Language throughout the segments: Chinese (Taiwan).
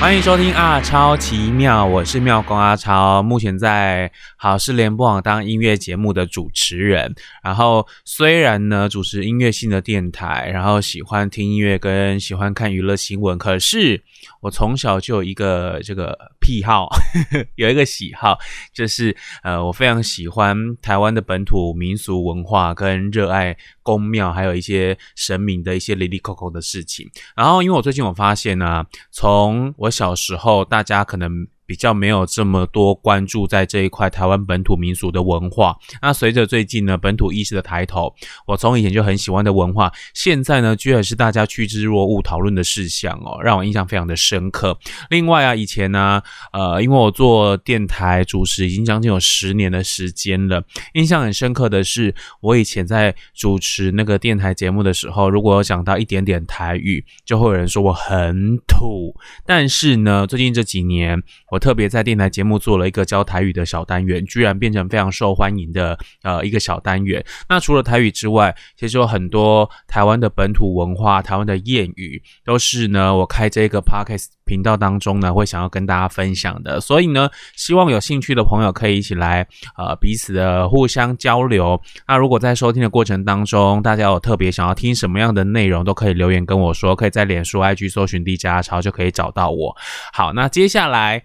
歡迎收聽阿、啊、超奇廟，我是廟公阿超，目前在好事聯播網當音樂節目的主持人。然後雖然呢主持音樂性的電台，然後喜歡聽音樂跟喜歡看娛樂新聞，可是我從小就有一個這個癖好，呵呵有一個喜好，就是呃我非常喜歡台灣的本土民俗文化跟熱愛宮廟，還有一些神明的一些利利口口的事情。然後因為我最近我發現呢，從我小時候，大家可能比較沒有這麼多關注在這一塊台灣本土民俗的文化。那隨着最近呢本土意識的抬頭，我從以前就很喜歡的文化，現在呢居然是大家趨之若鶩討論的事項哦、喔，讓我印象非常的深刻。另外啊，以前呢、啊，呃，因為我做電台主持已經將近有十年的時間了，印象很深刻的是，我以前在主持那個電台節目的時候，如果有講到一點點台語，就會有人說我很土。但是呢，最近這幾年我。特別在電台節目做了一個教台語的小單元，居然變成非常受歡迎的呃一個小單元。那除了台語之外，其實有很多台灣的本土文化、台灣的諺語，都是呢我開這個 Podcast 頻道當中呢會想要跟大家分享的。所以呢，希望有興趣的朋友可以一起來呃彼此的互相交流。那如果在收聽的過程當中，大家有特別想要聽什麼樣的內容，都可以留言跟我說。可以在臉書 IG 搜尋 DJ 阿超就可以找到我。好，那接下來。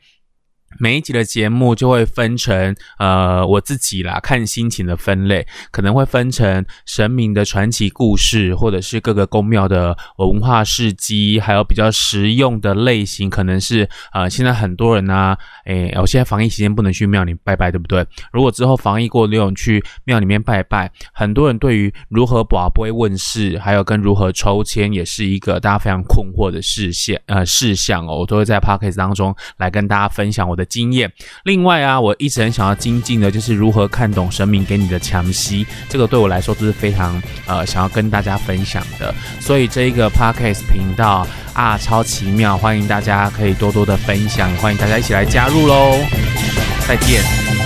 每一集的節目就會分成，呃，我自己啦，看心情的分類，可能會分成神明的傳奇故事，或者是各個宮廟的、哦、文化事蹟，還有比較實用的類型，可能是，呃，現在很多人呢、啊、誒、欸，我現在防疫期間不能去廟裡拜拜，對不對？如果之後防疫過，有去廟裡面拜拜，很多人對於如何擲杯問事，還有跟如何抽籤，也是一個大家非常困惑的事項，呃，事項哦，我都會在 Podcast 當中來跟大家分享我的。經驗。另外啊，我一直很想要精進的，就是如何看懂神明給你的強息。這個對我來說都是非常呃，想要跟大家分享的。所以這一個 Podcast 頻道啊，超奇妙，歡迎大家可以多多的分享，歡迎大家一起來加入嘍！再見。